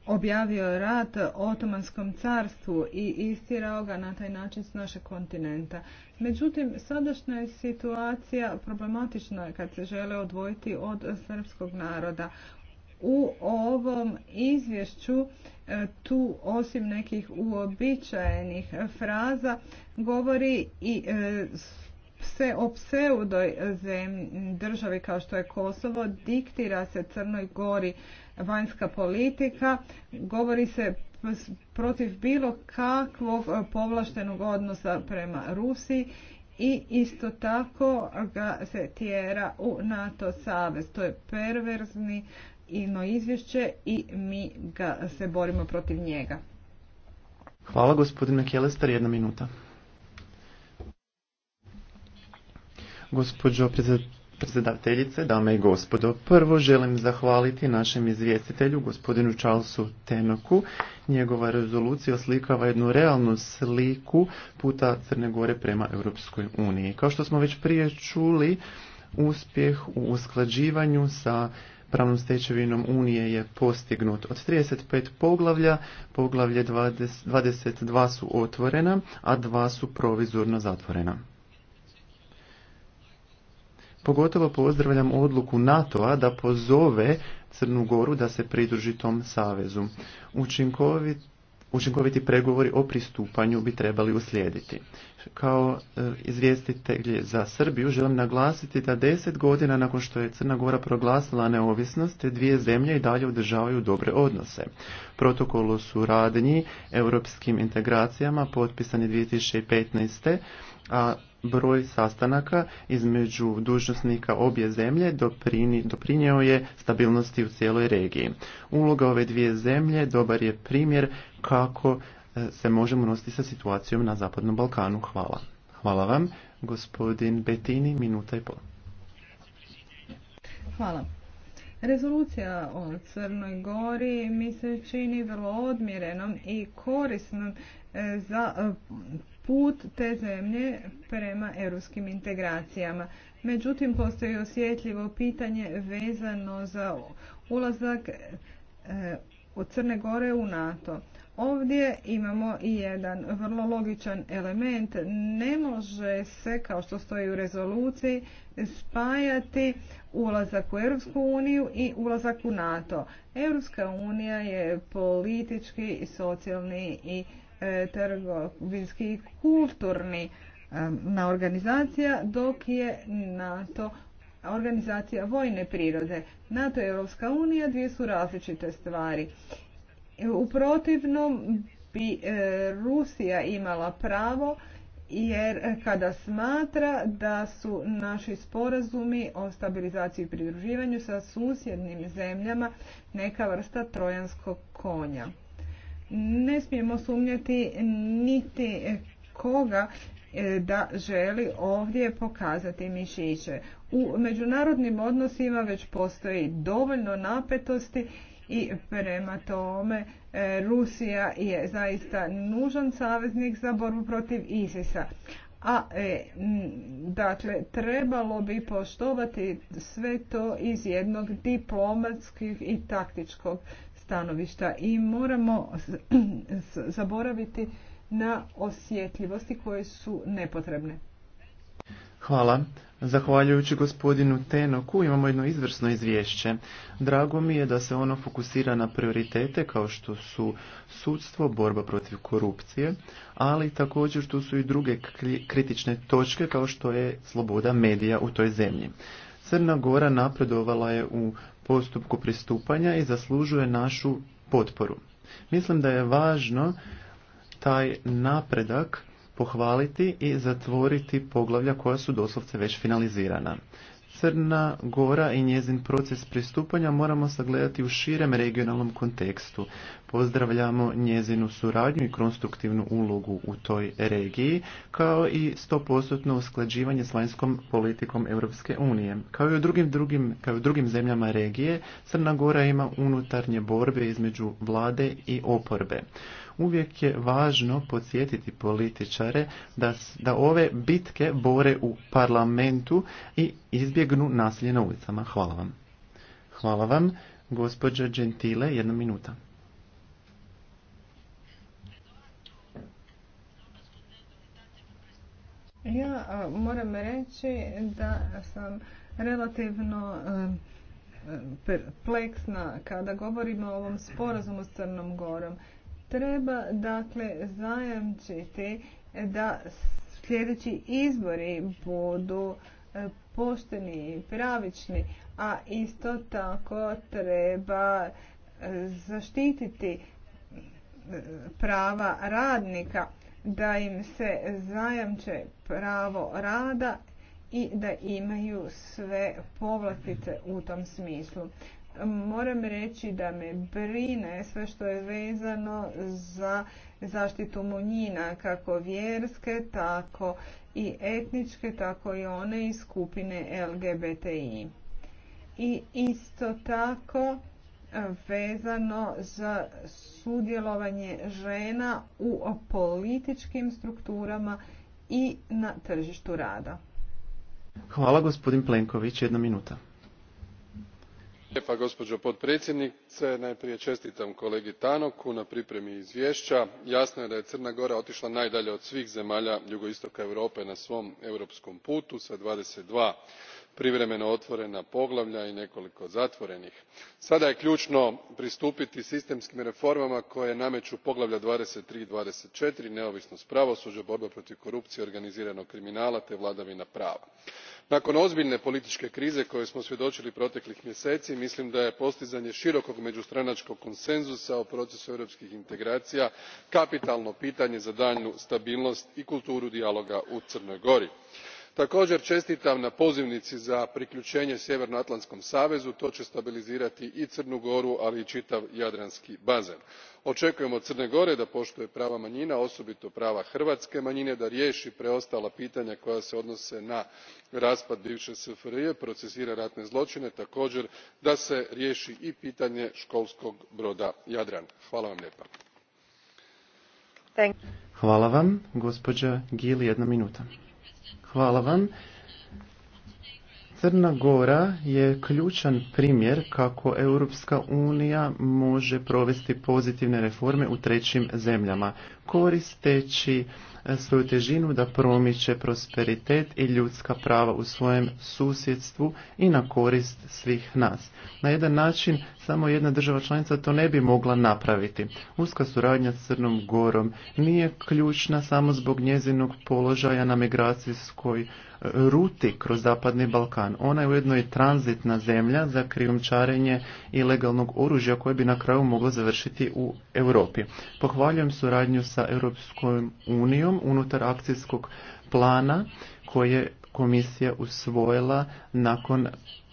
Speaker 2: objavio rat Otomanskom carstvu i istirao ga na taj način s našeg kontinenta. Međutim, sadašnja je situacija problematična kad se žele odvojiti od srpskog naroda. U ovom izvješću E, tu osim nekih uobičajenih fraza govori i e, se o pseudoj državi kao što je Kosovo, diktira se Crnoj Gori vanjska politika, govori se protiv bilo kakvog povlaštenog odnosa prema Rusiji i isto tako ga se tjera u NATO savez. To je perverzni ino izvješće i mi ga se borimo protiv njega.
Speaker 7: Hvala gospodine Kelester, jedna minuta. Gospođo predsjedateljice, dame i gospodo, prvo želim zahvaliti našem izvjestitelju, gospodinu Charlesu Tenoku. Njegova rezolucija oslikava jednu realnu sliku puta Crne Gore prema Europskoj uniji. Kao što smo već prije čuli, uspjeh u usklađivanju sa pravnom stečevinom Unije je postignut. Od 35 poglavlja, poglavlje 20, 22 su otvorena, a dva su provizorno zatvorena. Pogotovo pozdravljam odluku NATO-a da pozove Crnu Goru da se pridruži tom savezu. Učinkovit učinkoviti pregovori o pristupanju bi trebali uslijediti. Kao e, izvjestitelj za Srbiju želim naglasiti da deset godina nakon što je Crna Gora proglasila neovisnost, te dvije zemlje i dalje održavaju dobre odnose. Protokol o suradnji europskim integracijama potpisan je 2015. a broj sastanaka između dužnosnika obje zemlje doprinio doprinjeo je stabilnosti u cijeloj regiji. Uloga ove dvije zemlje dobar je primjer kako e, se možemo nositi sa situacijom na Zapadnom Balkanu. Hvala. Hvala vam. Gospodin Betini, minuta i pol.
Speaker 2: Hvala. Rezolucija o Crnoj Gori mi se čini vrlo odmjerenom i korisnom e, za e, put te zemlje prema europskim integracijama. Međutim, postoji osjetljivo pitanje vezano za ulazak od Crne Gore u NATO. Ovdje imamo i jedan vrlo logičan element. Ne može se, kao što stoji u rezoluciji, spajati ulazak u Europsku uniju i ulazak u NATO. Europska unija je politički, socijalni i e, trgovinski i kulturni e, na organizacija, dok je NATO organizacija vojne prirode. NATO i Europska unija dvije su različite stvari u protivnom bi e, Rusija imala pravo jer e, kada smatra da su naši sporazumi o stabilizaciji i pridruživanju sa susjednim zemljama neka vrsta trojanskog konja. Ne smijemo sumnjati niti koga e, da želi ovdje pokazati mišiće. U međunarodnim odnosima već postoji dovoljno napetosti i prema tome e, Rusija je zaista nužan saveznik za borbu protiv ISIS-a. A, e, dakle, trebalo bi poštovati sve to iz jednog diplomatskih i taktičkog stanovišta i moramo zaboraviti na osjetljivosti koje su nepotrebne.
Speaker 7: Hvala. Zahvaljujući gospodinu Tenoku imamo jedno izvrsno izvješće. Drago mi je da se ono fokusira na prioritete kao što su sudstvo, borba protiv korupcije, ali također što su i druge kritične točke kao što je sloboda medija u toj zemlji. Crna Gora napredovala je u postupku pristupanja i zaslužuje našu potporu. Mislim da je važno taj napredak pohvaliti i zatvoriti poglavlja koja su doslovce već finalizirana. Crna Gora i njezin proces pristupanja moramo sagledati u širem regionalnom kontekstu. Pozdravljamo njezinu suradnju i konstruktivnu ulogu u toj regiji, kao i 100% usklađivanje s vanjskom politikom Europske unije. Kao i u drugim, drugim, kao i u drugim zemljama regije, Crna Gora ima unutarnje borbe između vlade i oporbe uvijek je važno podsjetiti političare da, da ove bitke bore u parlamentu i izbjegnu nasilje na ulicama. Hvala vam. Hvala vam, gospođa Gentile, jedna minuta.
Speaker 2: Ja moram reći da sam relativno e, e, perpleksna kada govorimo o ovom sporazumu s Crnom Gorom. Treba dakle zajamčiti da sljedeći izbori budu e, pošteni i pravični, a isto tako treba e, zaštititi e, prava radnika, da im se zajamče pravo rada i da imaju sve povlastice u tom smislu moram reći da me brine sve što je vezano za zaštitu munjina, kako vjerske, tako i etničke, tako i one iz skupine LGBTI. I isto tako vezano za sudjelovanje žena u političkim strukturama i na tržištu rada.
Speaker 7: Hvala gospodin Plenković, jedna minuta
Speaker 8: gospođo potpredsjednice najprije čestitam kolegi Tanoku na pripremi izvješća. jasno je da je crna gora otišla najdalje od svih zemalja jugoistoka europe na svom europskom putu s twenty two privremeno otvorena poglavlja i nekoliko zatvorenih. sada je ključno pristupiti sistemskim reformama koje nameću poglavlja twenty three i twenty four neovisnost pravosuđa borba protiv korupcije organiziranog kriminala te vladavina prava. nakon ozbiljne političke krize kojoj smo svjedočili proteklih mjeseci mislim da je postizanje širokog međustranačkog konsenzusa o procesu europskih integracija kapitalno pitanje za daljnju stabilnost i kulturu dijaloga u crnoj gori također čestitam na pozivnici za priključenje sjevernoatlantskom savezu to će stabilizirati i crnu goru ali i čitav jadranski bazen. očekujem od crne gore da poštuje prava manjina osobito prava hrvatske manjine da riješi preostala pitanja koja se odnose na raspad bivše sfrj procesuira ratne zločine također da se riješi i pitanje školskog broda jadran. hvala vam lijepa.
Speaker 7: minuta. Hvala vam. Crna Gora je ključan primjer kako Europska unija može provesti pozitivne reforme u trećim zemljama, koristeći svoju težinu da promiče prosperitet i ljudska prava u svojem susjedstvu i na korist svih nas. Na jedan način samo jedna država članica to ne bi mogla napraviti. Uska suradnja s Crnom Gorom nije ključna samo zbog njezinog položaja na migracijskoj e, ruti kroz Zapadni Balkan. Ona je ujedno i tranzitna zemlja za krijumčarenje ilegalnog oružja koje bi na kraju moglo završiti u Europi. Pohvaljujem suradnju sa Europskom unijom unutar akcijskog plana koje je komisija usvojila nakon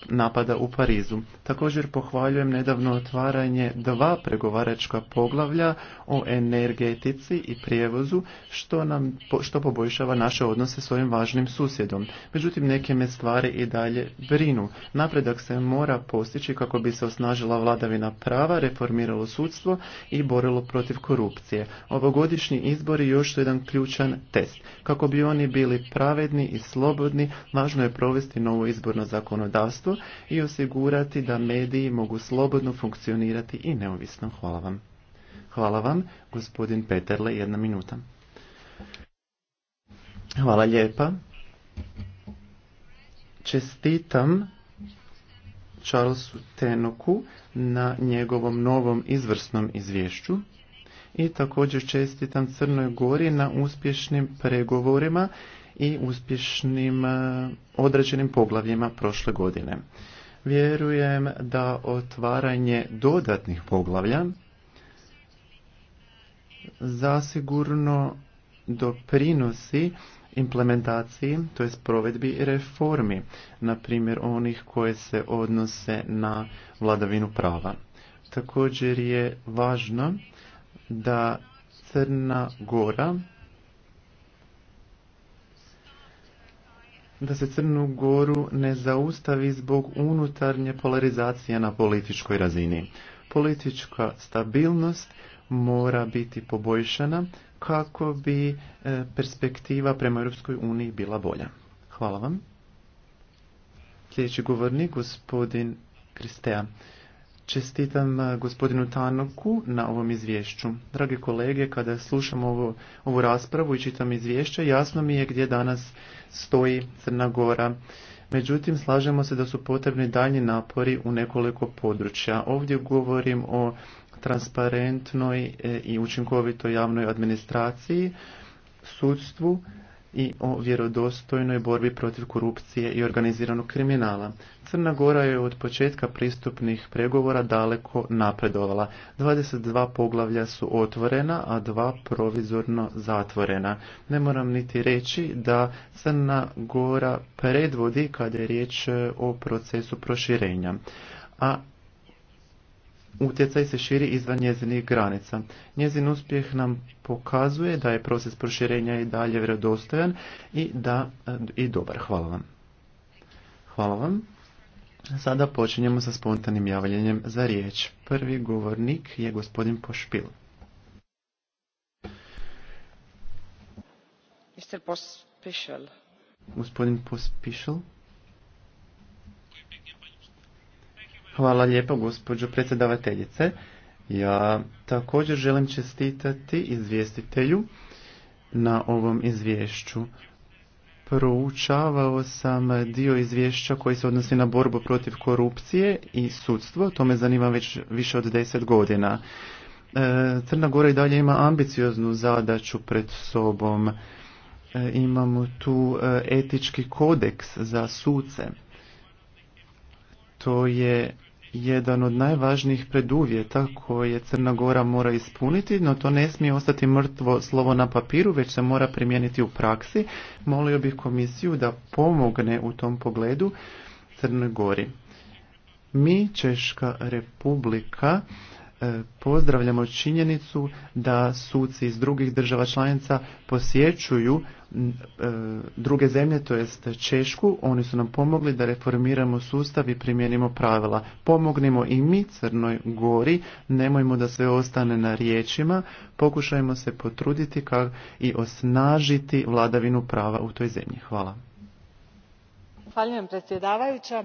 Speaker 7: napada u Parizu. Također pohvaljujem nedavno otvaranje dva pregovaračka poglavlja o energetici i prijevozu što, nam, što poboljšava naše odnose s ovim važnim susjedom. Međutim, neke me stvari i dalje brinu. Napredak se mora postići kako bi se osnažila vladavina prava, reformiralo sudstvo i borilo protiv korupcije. Ovogodišnji izbori još su jedan ključan test. Kako bi oni bili pravedni i slobodni, važno je provesti novo izborno zakonodavstvo i osigurati da mediji mogu slobodno funkcionirati i neovisno. Hvala vam. Hvala vam, gospodin Peterle, jedna minuta. Hvala lijepa. Čestitam Charlesu Tenoku na njegovom novom izvrsnom izvješću i također čestitam Crnoj Gori na uspješnim pregovorima i uspješnim e, određenim poglavljima prošle godine. Vjerujem da otvaranje dodatnih poglavlja zasigurno doprinosi implementaciji, to je provedbi reformi, na primjer onih koje se odnose na vladavinu prava. Također je važno da Crna Gora da se Crnu Goru ne zaustavi zbog unutarnje polarizacije na političkoj razini. Politička stabilnost mora biti poboljšana kako bi e, perspektiva prema Europskoj uniji bila bolja. Hvala vam. Sljedeći govornik, gospodin Kristea. Čestitam gospodinu Tanoku na ovom izvješću. Drage kolege, kada slušam ovu raspravu i čitam izvješće, jasno mi je gdje danas stoji Crna Gora. Međutim, slažemo se da su potrebni dalji napori u nekoliko područja. Ovdje govorim o transparentnoj e, i učinkovitoj javnoj administraciji, sudstvu, i o vjerodostojnoj borbi protiv korupcije i organiziranog kriminala. Crna Gora je od početka pristupnih pregovora daleko napredovala. 22 poglavlja su otvorena, a dva provizorno zatvorena. Ne moram niti reći da Crna Gora predvodi kada je riječ o procesu proširenja. A utjecaj se širi izvan njezinih granica. Njezin uspjeh nam pokazuje da je proces proširenja i dalje vjerodostojan i da e, i dobar. Hvala vam. Hvala vam. Sada počinjemo sa spontanim javljanjem za riječ. Prvi govornik je gospodin Pošpil. Mr. Gospodin Pospišel. Hvala lijepo gospođo predsjedavateljice. Ja također želim čestitati izvjestitelju na ovom izvješću. Proučavao sam dio izvješća koji se odnosi na borbu protiv korupcije i sudstvo, to me zanima već više od deset godina. E, Crna Gora i dalje ima ambicioznu zadaću pred sobom. E, imamo tu e, etički kodeks za suce. To je jedan od najvažnijih preduvjeta koje Crna Gora mora ispuniti, no to ne smije ostati mrtvo slovo na papiru, već se mora primijeniti u praksi. Molio bih komisiju da pomogne u tom pogledu Crnoj Gori. Mi, Češka republika, e, pozdravljamo činjenicu da suci iz drugih država članica posjećuju E, druge zemlje, to jest Češku, oni su nam pomogli da reformiramo sustav i primijenimo pravila. Pomognimo i mi Crnoj Gori, nemojmo da sve ostane na riječima, pokušajmo se potruditi kao i osnažiti vladavinu prava u toj zemlji. Hvala.
Speaker 9: Hvala predsjedavajuća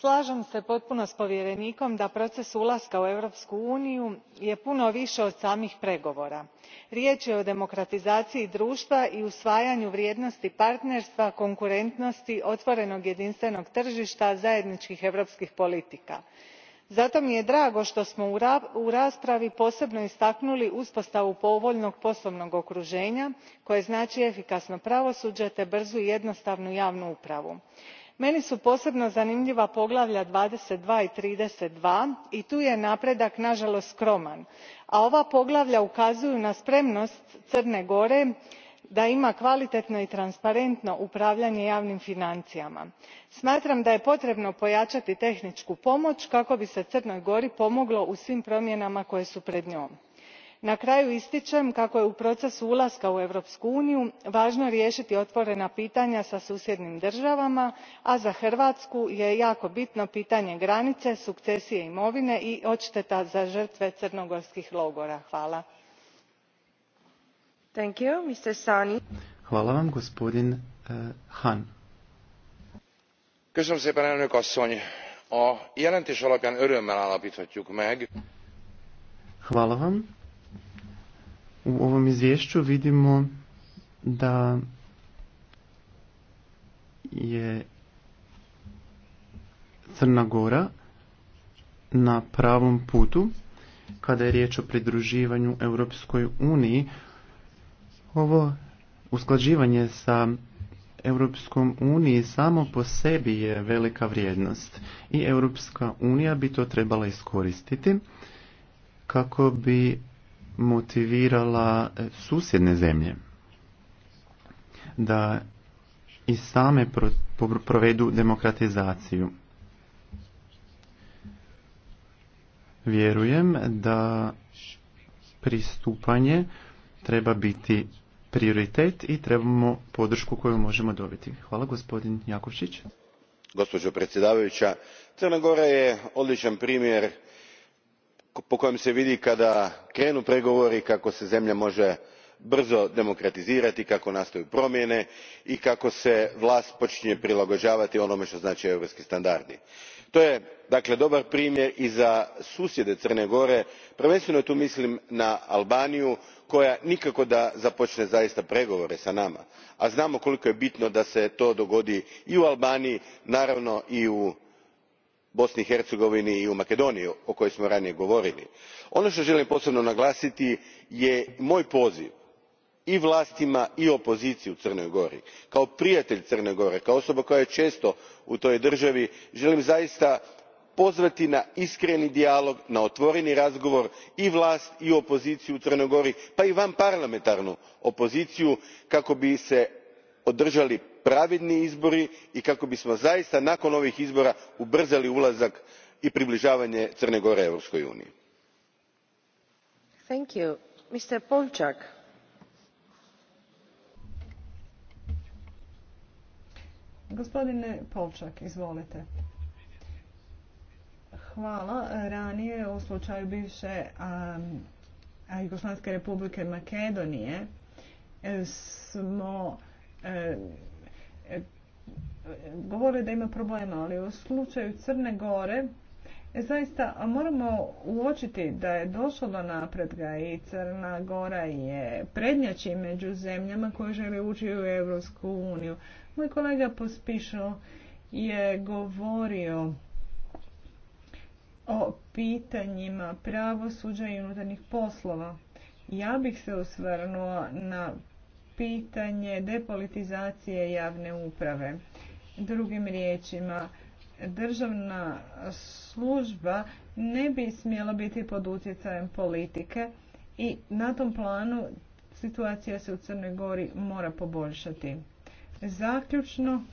Speaker 9: slažem se potpuno s povjerenikom da proces ulaska u europsku uniju je puno više od samih pregovora. riječ je o demokratizaciji društva i usvajanju vrijednosti partnerstva konkurentnosti otvorenog jedinstvenog tržišta zajedničkih europskih politika. zato mi je drago što smo u raspravi posebno istaknuli uspostavu povoljnog poslovnog okruženja koje znači efikasno pravosuđe te brzu i jednostavnu javnu upravu meni su posebno zanimljiva poglavlja twenty two i thirty two i tu je napredak naalost skroman a ova poglavlja ukazuju na spremnost crne gore da ima kvalitetno i transparentno upravljanje javnim financijama. smatram da je potrebno pojaati tehniku pomo kako bi se crnoj gori pomoglo u svim promjenama koje su pred njom na kraju ističem kako je u procesu ulaska u europsku uniju važno riješiti otvorena pitanja sa susjednim državama a za hrvatsku je jako bitno pitanje granice sukcesije imovine i odšteta za žrtve crnogorskih logora. hvala.
Speaker 7: Hvala vam. Eh, u ovom izvješću vidimo da je Crna Gora na pravom putu kada je riječ o pridruživanju Europskoj uniji. Ovo usklađivanje sa Europskom uniji samo po sebi je velika vrijednost i Europska unija bi to trebala iskoristiti kako bi motivirala e, susjedne zemlje da i same provedu demokratizaciju. Vjerujem da pristupanje treba biti prioritet i trebamo podršku koju možemo dobiti. Hvala gospodin Jakovčić. Gospođo
Speaker 10: predsjedavajuća, Crna Gora je odličan primjer po kojem se vidi kada krenu pregovori kako se zemlja može brzo demokratizirati kako nastaju promjene i kako se vlast počinje prilagođavati onome što znače europski standardi. to je dakle dobar primjer i za susjede crne gore prvenstveno tu mislim na albaniju koja nikako da započne zaista pregovore s nama a znamo koliko je bitno da se to dogodi i u albaniji naravno i u bosni i hercegovini i u makedoniji o kojoj smo ranije govorili. ono što želim posebno naglasiti je moj poziv i vlastima i opoziciji u crnoj gori. kao prijatelj crne gore kao osoba koja je često u toj državi želim zaista pozvati na iskreni dijalog na otvoreni razgovor i vlast i opoziciju u crnoj gori pa i parlamentarnu opoziciju kako bi se održali pravidni izbori i kako bismo zaista nakon ovih izbora ubrzali ulazak i približavanje crne gore europskoj uniji.
Speaker 2: Gospodine Polčak, izvolite. Hvala. Ranije u slučaju bivše a, um, Jugoslavske republike Makedonije smo um, govore da ima problema, ali u slučaju Crne Gore e, zaista moramo uočiti da je došlo do napredga i Crna Gora je prednjači među zemljama koje žele ući u EU. uniju. Moj kolega pospišao je govorio o pitanjima pravosuđa i unutarnjih poslova. Ja bih se osvrnuo na pitanje depolitizacije javne uprave. Drugim riječima, državna služba ne bi smjela biti pod utjecajem politike i na tom planu situacija se u Crnoj Gori mora poboljšati. Zaključno,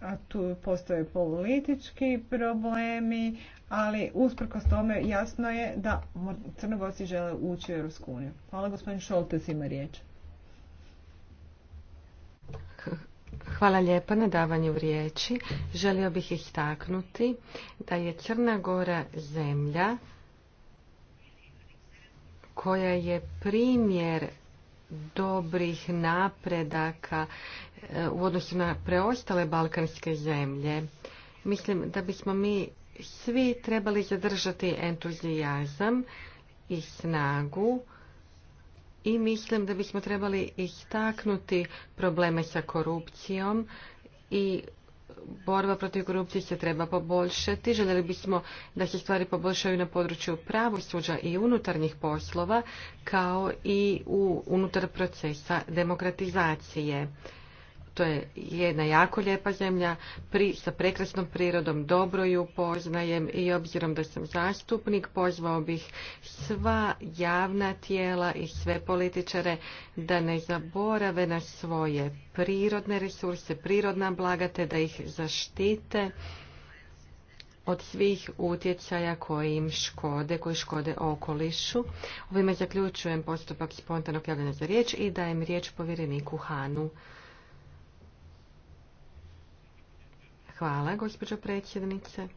Speaker 2: a tu postoje politički problemi, ali usprkos tome jasno je da Crnogorci žele ući u Europsku uniju. Hvala gospodin Šoltes ima riječ.
Speaker 1: Hvala lijepa na davanju riječi. Želio bih istaknuti da je Crna Gora zemlja koja je primjer dobrih napredaka e, u odnosu na preostale balkanske zemlje. Mislim da bismo mi svi trebali zadržati entuzijazam i snagu i mislim da bismo trebali istaknuti probleme sa korupcijom i borba protiv korupcije se treba poboljšati. Željeli bismo da se stvari poboljšaju na području pravosuđa i unutarnjih poslova kao i u unutar procesa demokratizacije. To je jedna jako lijepa zemlja pri, sa prekrasnom prirodom, dobro ju poznajem i obzirom da sam zastupnik, pozvao bih sva javna tijela i sve političare da ne zaborave na svoje prirodne resurse, prirodna blagate, da ih zaštite od svih utjecaja koji im škode, koji škode okolišu. Ovime zaključujem postupak spontanog javljanja za riječ i dajem riječ povjereniku Hanu. Hvala, gospođo predsjednice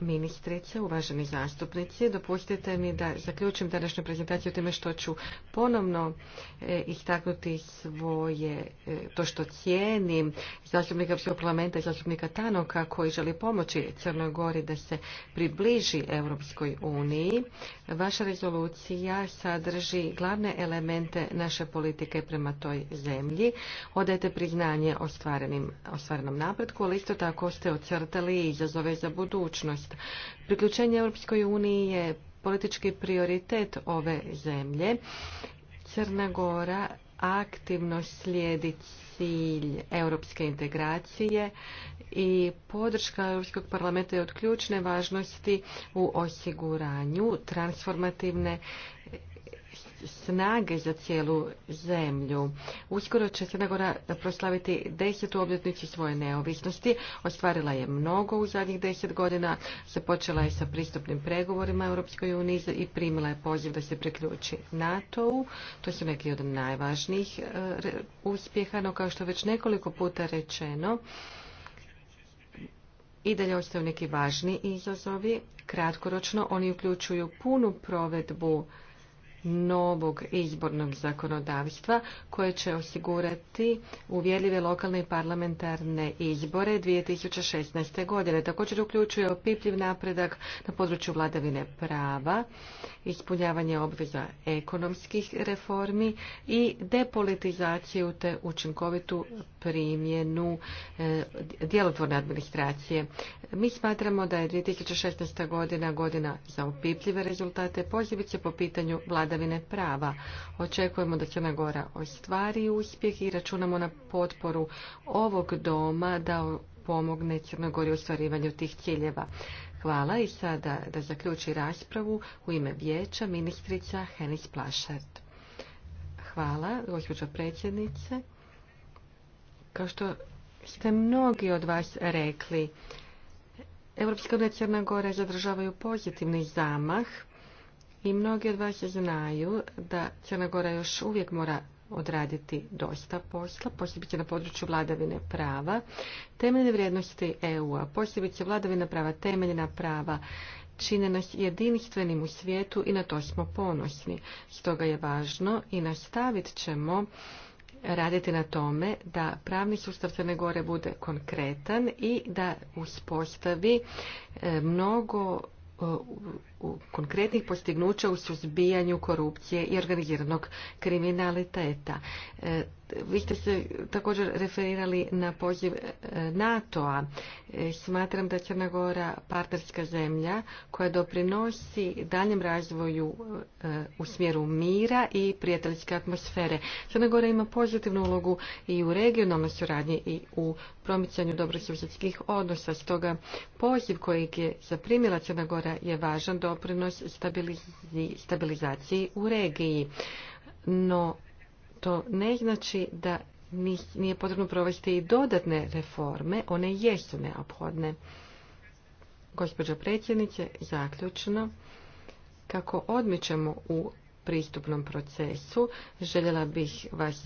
Speaker 1: ministrice, uvaženi zastupnici. Dopustite mi da zaključim današnju prezentaciju time što ću ponovno e, istaknuti svoje, e, to što cijenim zastupnika Europskog parlamenta i zastupnika Tanoka koji želi pomoći Crnoj Gori da se približi Europskoj uniji. Vaša rezolucija sadrži glavne elemente naše politike prema toj zemlji. Odajte priznanje ostvarenom napretku, ali isto tako ste ocrtali izazove za budućnost Priključenje Europskoj uniji je politički prioritet ove zemlje. Crna Gora aktivno slijedi cilj europske integracije i podrška Europskog parlamenta je od ključne važnosti u osiguranju transformativne snage za cijelu zemlju. Uskoro će Crna Gora proslaviti desetu obljetnicu svoje neovisnosti. Ostvarila je mnogo u zadnjih deset godina. Započela je sa pristupnim pregovorima Europskoj uniji i primila je poziv da se priključi NATO-u. To su neki od najvažnijih e, uspjeha, no kao što već nekoliko puta rečeno, i dalje ostaju neki važni izazovi. Kratkoročno oni uključuju punu provedbu novog izbornog zakonodavstva koje će osigurati uvjerljive lokalne i parlamentarne izbore 2016. godine. Također uključuje opipljiv napredak na području vladavine prava, ispunjavanje obveza ekonomskih reformi i depolitizaciju te učinkovitu primjenu e, djelotvorne administracije. Mi smatramo da je 2016. godina godina za opipljive rezultate, posebice po pitanju vlada vladavine prava. Očekujemo da Crna Gora ostvari uspjeh i računamo na potporu ovog doma da pomogne Crnoj Gori u ostvarivanju tih ciljeva. Hvala i sada da zaključi raspravu u ime vijeća ministrica Henis Plašard. Hvala, gospođo predsjednice. Kao što ste mnogi od vas rekli, Europska unija Crna Gora zadržavaju pozitivni zamah i mnogi od vas znaju da Crna Gora još uvijek mora odraditi dosta posla, posebice na području vladavine prava, temeljne vrijednosti EU-a, posebice vladavina prava, temeljna prava, čine nas jedinstvenim u svijetu i na to smo ponosni. Stoga je važno i nastavit ćemo raditi na tome da pravni sustav Crne Gore bude konkretan i da uspostavi e, mnogo e, konkretnih postignuća u suzbijanju korupcije i organiziranog kriminaliteta. E, vi ste se također referirali na poziv e, NATO-a. E, smatram da Crna Gora partnerska zemlja koja doprinosi daljem razvoju u smjeru mira i prijateljske atmosfere. Crna Gora ima pozitivnu ulogu i u regionalnoj suradnji i u promicanju dobrosusjedskih odnosa. Stoga poziv kojeg je zaprimila Crna Gora je važan doprinos stabilizaciji u regiji. No, to ne znači da nije potrebno provesti i dodatne reforme, one jesu neophodne. Gospođo predsjednice, zaključno, kako odmičemo u pristupnom procesu, željela bih vas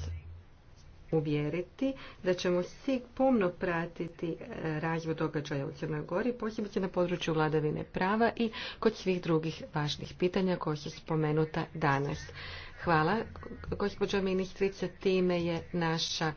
Speaker 1: uvjeriti da ćemo svi pomno pratiti e, razvoj događaja u Crnoj Gori, posebice na području vladavine prava i kod svih drugih važnih pitanja koja su spomenuta danas. Hvala, gospođo ministrice, time je naša